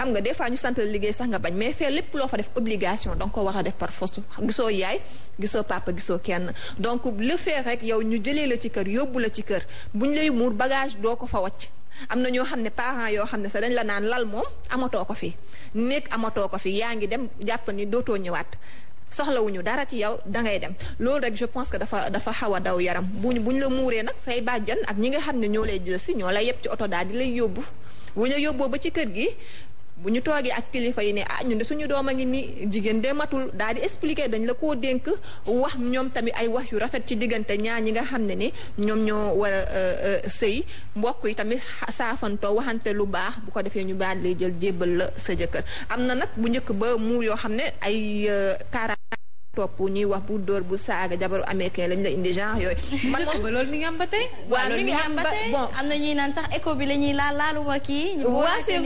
xam nga des fois ñu sant la liggéey sax nga bañ mais fee lépp loo fa def obligation danga ko war a def par force gisoo yaay gisoo papa gisoo kenn donc le fait rek yow ñu jëlee la ci kër yóbbu la ci kër buñ lay muur bagage doo ko fa wàcc am na ñoo xam ne parents yoo xam ne sax dañ la naan lal moom amatoo ko fi néeg amatoo ko fi yaa ngi dem jàpp ni dootoo ñëwaat soxlawuñu dara ci yow dangay dem loolu rek je pense que dafa dafa xaw a daw yaram buñ buñ la muuree nag say bàjjan ak ñi xam ne ñoo lay jël si ñoo lay yëpp ci oto daal di lay yóbbu bu ci kër gi bu ñu toogee ak kilifa yi ne ah ñu ne suñu doom a ngi ni jigéen de matul daal di expliquer dañ la koo dénk wax ñoom tamit ay wax yu rafet ci diggante ñaar ñi nga xam ne ni ñoom ñoo war a euh, euh, sëy mbokk yi tamit saafantoo waxante lu baax bu ko defee ñu baal lay jël jébbal la sa jëkkër am na nag bu njëkk ba muur yoo xam ne ay euh, kaara topp ñuy wax bu dóor bu saaga jabaru américain lañ la indi genre yooyu. man moom loolu mi ngi am ba tey. waaw am na ñuy naan sax écho bi la ñuy laal laaluma kii. ñu boole que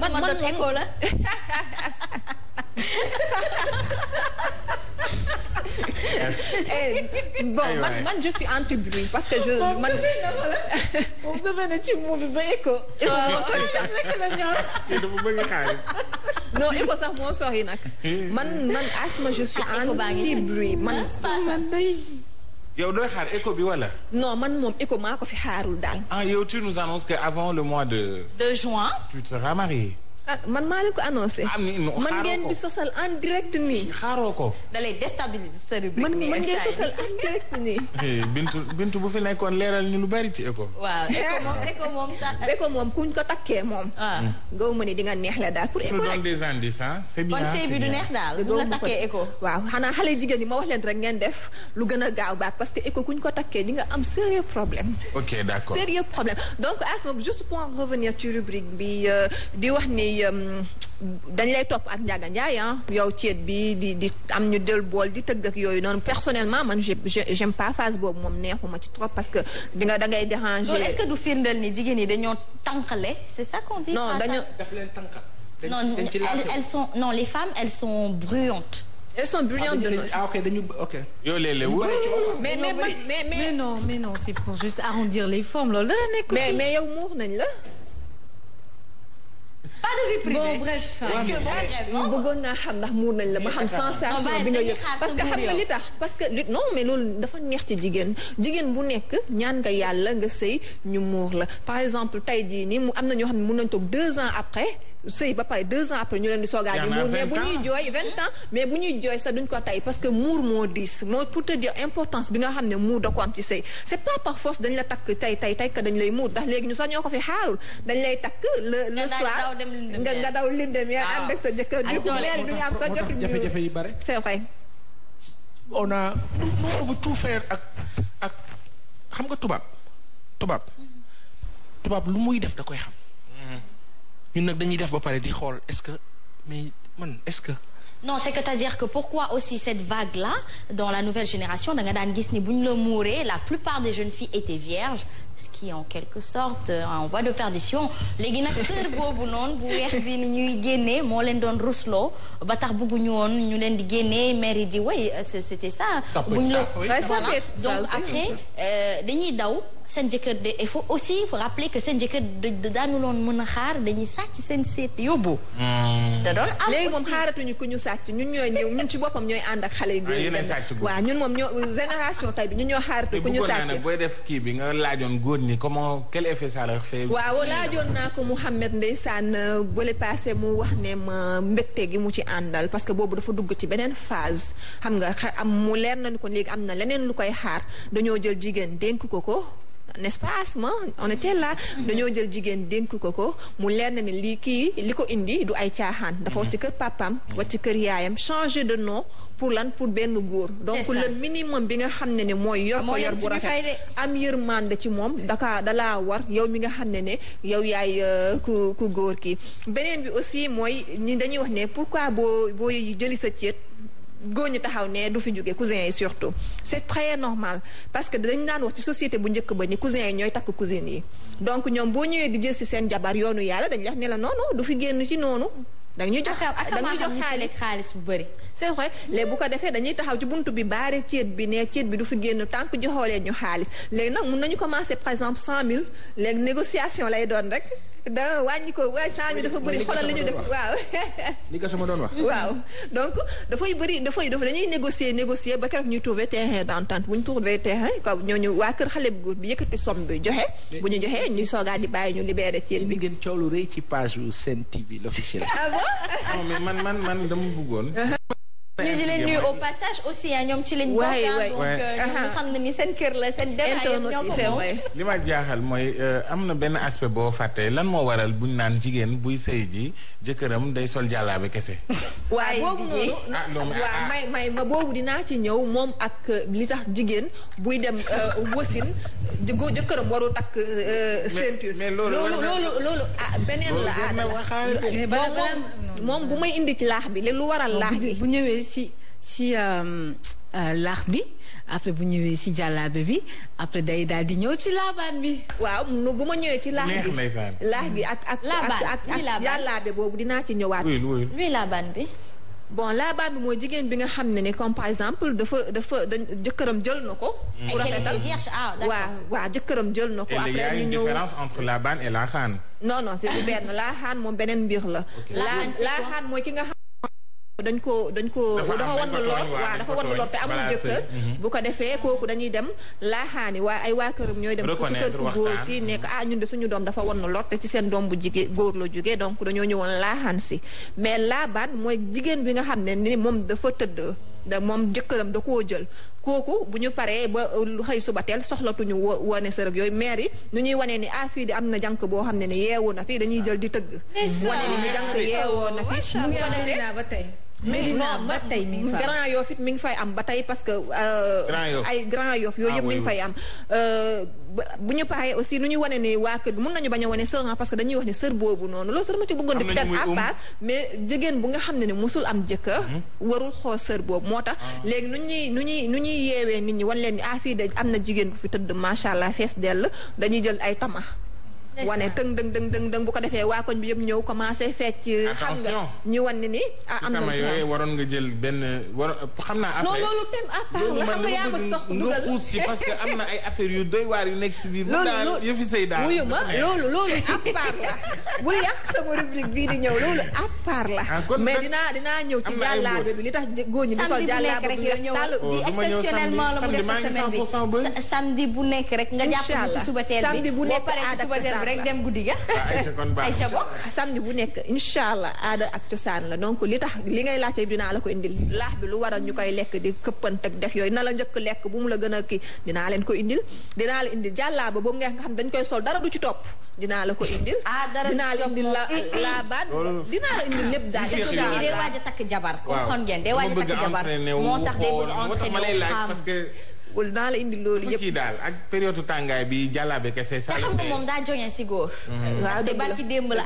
man sama la. Eh, parce que je man. moom non écho sax moo sori nag. man man asma je suis ah, anti bruit ah, man. yow dooy xaar écho bi wala. non man moom écho maa ko fi xaarul daal. ah yow tu nous annonces que avant le mois de. de juin. tu seras mariée. ah man maa leen ko annoncé. Ah, man ngeen di sosal en direct nii. xaaroo ko. da lay sa rubrique. man ngeen sosal en direct nii. bintu bu fi nekkoon leeral ñu lu bari ci éco. waaw éco moom éco moom kuñ ko takkee moom. nga ah. hmm. gaw ma ni di nga neex la daal pour. éco rek des indices c'est bien. conseil bi du neex daal bu la takkee éco. waaw xanaa xale jigéen ñi ma wax leen rek ngeen def lu gën a gaaw baat parce que éco kuñ ko takkee di am sérieux problème. ok d'accord sérieux problème donc Euh, dañuy top lay topp ak Ndiaga Ndiaye yow ceet bi di di am ñu del bool di tëgg ak yooyu noonu personnellement man je j'aime pas phase boobu moom neexuma ci trop parce que di nga da ngay déranger. est que du firndeel ni jigéen ñi dañoo tànkale c'est ça qu'on dit. non dañu daf leen tànkal. non elles elles sont non les femmes elles sont bruyantes. elles sont brillantes de ah, notre ah ok dañu ok. yoo léeg-léeg mais mais mais mais non mais non c'est pour juste arrondir les formes loolu dana nekk aussi mais de bëggoon naa xam ndax muur nañ la ba xam sensation bi nga yëg parce que xam nga li tax parce que li mais loolu dafa neex ci jigéen jigéen bu nekk ñaan nga yàlla nga sëy ñu muur la par exemple tey jii nii mu am na ñoo xam ne mun nañ toog deux ans après sëy ba pare deux ans après ñu leen di soogaa ji muur mais bu ñuy jooy vingt ans mais bu ñuy jooy sax duñ ko tey parce que muur moo diis moo pour te dire importance bi nga xam ne muur da ko am ci sëy c'est pas par force dañ la takk tey tey tey que dañ lay muur ndax léegi ñu sax ñoo ko fi xaarul dañ lay takk le le soir nga daw lim dem yaa ànd ak sa jëkkër du ko leer du ñu am sa jot jafe-jafe yi bare c'est vrai on tout faire ak ak xam nga tubaab tubaab mm-hmm. tubaab lu muy def da koy xam ñun nag dañuy def ba pare di xool est-ce que mais man est-ce que. non c'est que cest dire que pourquoi aussi cette vague-là dans la nouvelle génération da nga daan gis ni bu ñu la muuree la plupart des jeunes filles étaient vierges ce qui est en quelque sorte euh, en voie de perdition léegi nag sër boobu noonu bu weex bi ni ñuy génnee moo leen doon rusloo ba tax bëgguñu woon ñu leen di génnee mairie di way euh, c'était ça. bu ñu la donc après euh, dañuy daw. seen jëkkër de il faut aussi faut rappeler que seen jëkkër de daanu loon mën a xaar dañuy sàcc seen seet yóbbu. da hmm. doon am léegi moom xaaratuñu ku ñu sàcc ñun ñooy ñëw ñun ci boppam ñooy ànd ak xale ah, yi. waaw ñun moom ñoo génération tay bi ñun ñoo xaaratu ku ñu sàcc. te def kii bi nga laajoon góor ñi comment quel effet ça leur fait. waaw laajoon naa ko mu Mouhamed ndeysaan bële passé mu wax ne ma mbégte gi mu ci àndal parce que boobu dafa dugg ci beneen phase xam nga am mu leer na nañu ko léegi am na leneen lu koy xaar dañoo jël jigéen dénk ko ko n'est-ce pas asma dañoo jël jigéen dénk ko ko mu leer na ne lii kii li ko indi du ay caaxaan dafa wàcc mhm. kër papaam wàcc kër yaayam changer de nom pour lan pour benn góor donc le minimum bi nga xam ne ne mooy yor ko yor bu rafet am yërmande ci moom daka dalaa war yow mi nga xam ne ne yow yaay euh, ku ku góor ki beneen bi aussi mooy ñi dañuy wax ne pourquoi boo boo jëli sa céet góor ñi taxaw nee du fi jóge cousin yi surtout c'est très normal parce que dañ daan wax ci société bu njëkk ba ni cousin yi ñooy takk cousine yi donc ñoom boo ñëwee di jël si seen jabar yoonu yàlla dañ wax ne la non du fi génn ci noonu dañuy jox dañuy jox xaalis xaalis bu bëri c'est vrai léegi bu ko defee dañuy taxaw ci bunt bi baare ceet bi ne ceet bi du fi génn tànk joxoolee ñu xaalis léegi nag mun nañu commencer par exemple cent mille léegi négociation lay doon rek da wàññi ko waaye saa ñu dafa bëri xoolal li ñu def waaw. li ko sama doon wax. waaw donc dafay bëri dafay dañuy négocier négocier ba keroog ñuy trouver terrain d'entente bu ñu trouver terrain kaw ñooñu waa kër xale bu góor bi yëkkati somme bi joxe. bu ñu joxee ñuy soogaa di bàyyi ñu ci ceeb bi. gën coow lu rëy ci page yu Sen TV l'officiel. ah bon. man man man dama bëggoon. Uh-huh. te di leen nuyu au passage aussi ñoom ci lañ. waay euh, seen kër la seen. li ma jaaxal mooy euh, am na benn aspect boo fàttee lan moo waral buñ naan jigéen buy sëy ji jëkkëram day sol jàllaabe kese. waaye boobu dinaa ci ñëw moom ak euh, li tax jigéen buy dem wasin go jëkkëram takk ceinture. mais moom bu may indi ci laax bi lu waral laax bi bu ñëwee si si euh, euh, laax bi après bu ñëwee si jàllaabe bi après day daal di ñëw ci laabaan bi. waaw nu bu ma ñëwee ci laax bi laax bi ak ak ak ak jàllaabe boobu dinaa ci ñëwaat. oui laabaan bi. bon laabaan bi mooy jigéen bi nga xam ne ni comme par exemple dafa dafa da jëkkëram jël na ko. Mm. pour rafetal waaw waaw jëkkëram jël na ko. après ñu ñëw il y a une différence entre laabaan et laaxaan. non non c'est moom beneen mbir la. laaxaan mooy ki nga dañ ko dañ ko dafa wan lool dafa wan lool te amul jëkkër mhm. bu ko defee kooku dañuy dem laaxaani waa ay waa këram ñooy dem ku ci kër ku góor ki nekk ah ñun suñu doom dafa wan lool ci seen doom bu jigéen góor la jógee dañoo ñëwoon laaxaan si mais laabaan mooy jigéen bi nga xam ne ni moom dafa tëdd da moom jëkkëram da koo jël kooku bu ñu paree ba euh, xëy suba teel soxlatuñu wo wane sërëg yooyu maire yi nu ñuy wanee ni ah fii di am na jànk boo xam ne ni yeewu na fii dañuy jël di tëgg wane ni jànk yeewoo na fi mais non ba tey mi ngi fa Grand Yoff it mi ngi fay am ba tey parce que. Euh, Grand ay Grand Yoff yooyu ah, yëpp mi ngi fay am. Euh, bu ñu paree aussi nu ñu wane ni waa kër gi mun nañu bañ a wane sër parce que dañuy wax ni sër boobu noonu loolu sër ma ci bëggoon di peut-être à um. mais jigéen bu nga xam ne ne mosul am jëkkër mm-hmm. warul xool sër boobu moo tax ah. léegi nu ñuy nu ñuy nu ñuy yeewee nit ñi wan leen ni ah fii de am na jigéen bu fi tëdd macha allah fees dell dañuy jël ay tama wane tëng dëng dëng dëng dëng bu ko defee waa koñ bi yëpp ñëw commencé fecc xam nga ñu wan ni ni ah am na yooyu waroon nga jël benn war xam naa non loolu thème à am na ay affaire yu doy waar yu nekk si biir bu daal yëfi say di ñëw loolu à part la ah, mais dinaa dinaa ñëw ci jàllaabe bi li tax góor ñi di sol jàllaabe bi di oh, exceptionnellement la mu def semaine bi samedi bu nekk rek nga jàpp ci suba teel bi bu nekk aada rek dem guddi ga. ayca ah, bokk samedi bu nekk incha allah aada ak cosaan la donc li tax li ngay laajte dinaa la ko indil laax bi lu waral ñu koy lekk di këppant ak def yooyu na la njëkk lekk bu la gën a kii dinaa leen ko indil dinaa la indil jàllaaba boobu nga xam dañ koy sol dara du ci topp dinaa la ko indil. ah dara du ci topp la indil la baat dinaa la indil lépp daal. incha allah day waaj a takk jabar. a takk jabar moo tax day bëgg entraîné wu wala naa la indi loolu yëpp. kii daal ak tàngaay bi jàllaabe kese. te xam nga si góor. Mhm. waaw te barki démb la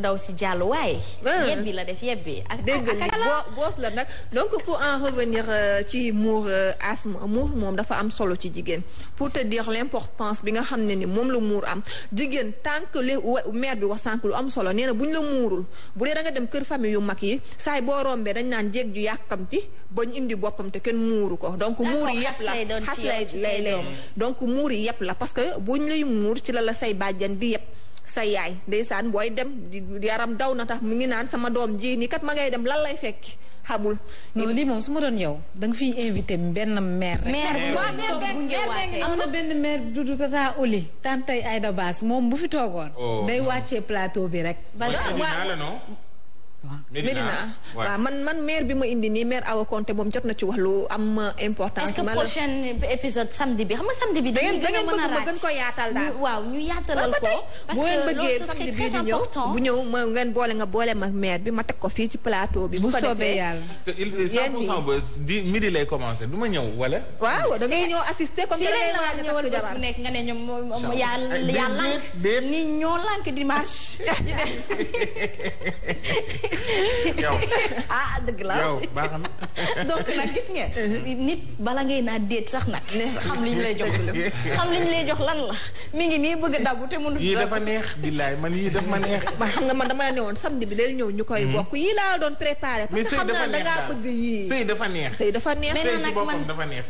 ndaw si jàll waaye. Ah. yebbi la def yebbi ak dégg nga boos la nag donc pour en revenir euh, ci muur euh, asthme muur moom dafa am solo ci jigéen pour te dire l'importance bi nga xam ne ni moom la muur am jigéen tant que le maire bi wax sànq lu am solo nee na bu la muurul bu dee da dem kër famille yu mag yi saay boo rombee dañ naan jéeg ju yàkkamti bañ indi boppam te kenn muuru ko donc muur yëpp la xas lay lay leen donc muur yi yëpp la parce que buñ lay muur ci la la say bàjjan bi yëpp sa yaay ndeysaan booy dem yaram daw na tax mu ngi naan sama doom ji nii kat ma ngay dem lan lay fekk xamul. non lii moom su ma doon yow da nga fiy invité benn maire maire bu am na benn maire du du tata Oli. tante Aïda Bass moom bu fi toogoon. Oh. day wàccee plateau bi rek. waaw Médina waaw ah, man man maire bi ma indi nii maire Awa Konté moom jot na ci wax lu am euh, importance. est-ce que prochain épisode samedi bi xam nga samedi bi. dañuy a mën a raaj gën ko yaatal daal. waaw ñu yaatalal ko. parce que loolu ce serait très important bu ñëw ma ngeen boole nga boole ma maire bi ma teg ko fii ci plateau bi. bu soobee yàlla bu ko defee yéen il commencé du ma ñëw wala. waaw da ngay ñëw assister comme que da ngay waaj a takk jabar. bu nekk nga ne ñoom yaa lànk ni ñoo lànk dimanche yow aa ah, dëgg la yow nag gis ngeen. Mhm. nit bala ngay naa déet sax nag. xam liñ lay jox xam liñ lay jox lan la mi ngi nii bëgg a te mënut. yii dafa neex billaay man yii ma neex. ma nga man dama ne woon samedi bi ñëw ñu koy mhm. bokk yii laa doon préparé. parce naa da dafa neex sëy dafa neex. sëy ci boppam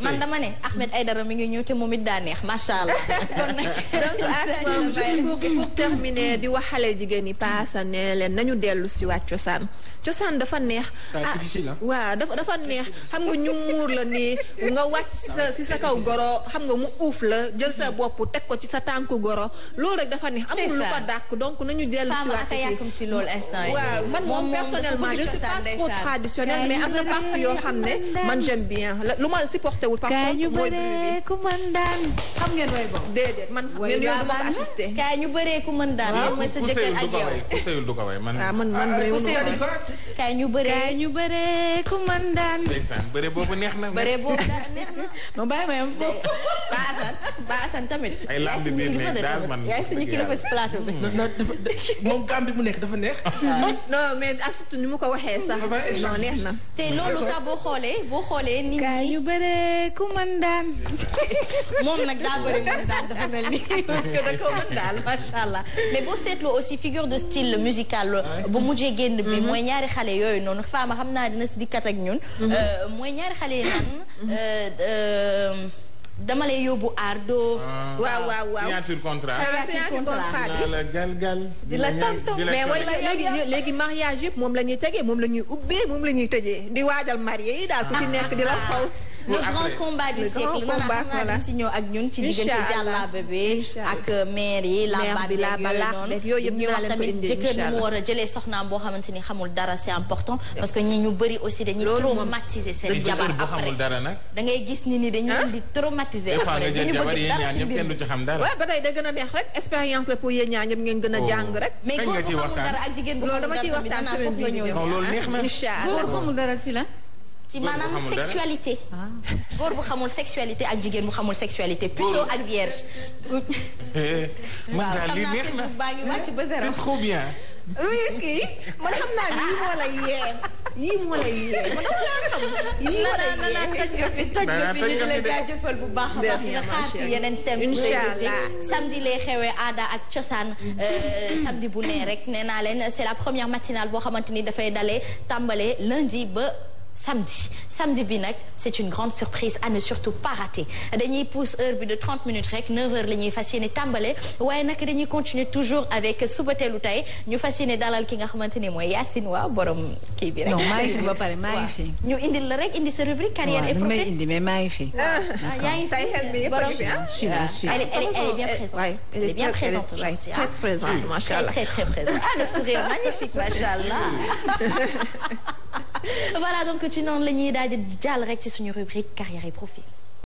man dama ne Ahmed Aïdara mi ngi ñëw te moom it daa neex macha allah. kon nag donc asma juste pour pour terminer di waxale jigéen ñi paasa ne leen na ñu dellu si waat cosaan cosaan dafa neex. ah waaw dafa dafa neex xam nga ñu muur la nii nga wàcc sa si sa kaw goro xam nga mu uuf la jël sa bopp teg ko ci sa tànk goro loolu rek dafa neex. amul lu ko donc nañu dellu ci waat ci loolu instant yi. waaw man moom personnellement je suis pas trop traditionnelle mais am na parc xam ne man j'aime bien lu ma supporté wul. par contre mooy bruit bi xam ngeen way boobu. déedéet man ngeen ah, yow ñu baree ku mën daan. waaw ku sëyul du ko way ku man ah, du ko way man. kaay ñu bëree kaay ñu bëree ku mën daan. ndeysaan bëree boobu neex na. bëree boobu daan neex na. ma bàyyi ma yem foofu. ba Assane ba Assane tamit. ay laaj bi biir nekk daal man yaay suñu kilifa si plateau bi. moom gàmm bi mu nekk dafa neex. non mais ak surtout ni mu ko waxee sax. non neex na. te loolu sax boo xoolee boo xoolee. nit ñi kaay ñu bëree ku mën daan. moom nag daa bëri mën daan dafa mel ni. parce que da koo mën daal macha allah mais boo seetloo aussi figure de style musical bu mujjee génn bi mhm. mooy ñaari xale yooyu noonu faama xam naa dina si dikkat ak ñun mhm. euh, mooy ñaari xale yi naan mhm. euh, euh, dama lay yóbbu aar doo. Ah. waaw waaw waaw signature contrat. signature contrat bi la gal gal. di la tam mais léegi léegi mariage yëpp moom la ñuy tegee moom la ñuy ubbee moom la ñuy tëjee di waajal marié yi daal ku ci ah. nekk di la pour le après. grand combat ci diggante jàllaabe euh, bi ak maire yi làmbaat bi yooyu yëpp ñu wax tamit jëkkër ni boo xamante ni xamul dara c'est important parce que ñi ñu bëri aussi dañuy traumatiser seen jabar après da ngay gis ni ni dañu leen di traumatiser après dañu bëgg dara si mbir waaw ba tey da gën a neex rek expérience la pour yéen ñaa ngeen gën a oh. jàng rek mais góor bu xamul dara ak jigéen bu xamul dara tamit dama ciy waxtaan bi ñëw si góor xamul si la ci maanaam sexualité. Ah. góor bu xamul sexualité ak jigéen bu xamul sexualité. puceau ak vierge. Eh, mën naa lii neex na baa ngi wàcc ba zéro. c'est trop bien. oui kii man xam naa lii moo lay yee. yii moo lay yee man dama laa xam. yii moo lay yee nana toj nga fi toj nga fi ñu di la jaajëfal bu baax a baax. dina xaar si yeneen thèmes. incha allah samedi lay xewee aada ak cosaan. Mm. Euh, samedi bu ne rek nee naa leen c'est la première matinale boo xamante ni dafay dalee tàmbale lundi ba. samedi samedi bi nag c'est une grande surprise à ne surtout pas rater dañuy pousse heure bi de 30 minutes rek 9 heures la ñuy fas yéene tàmbale waaye nag dañuy continuer toujours avec suba teelu tey ñu fas yéene dalal ki nga xamante ni mooy Yacine waa borom kii bi rek. non maa ngi fi ba pare maa ngi fi. ñu indil la rek indi sa rubrique. carrière et profil waaw indi mais maa ngi fi. Ah, yaa ngi fi borom elle est bien présente. elle est voilà donc ci noonu la ñuy daal di jàll rek ci suñu rubrique carrière et profil.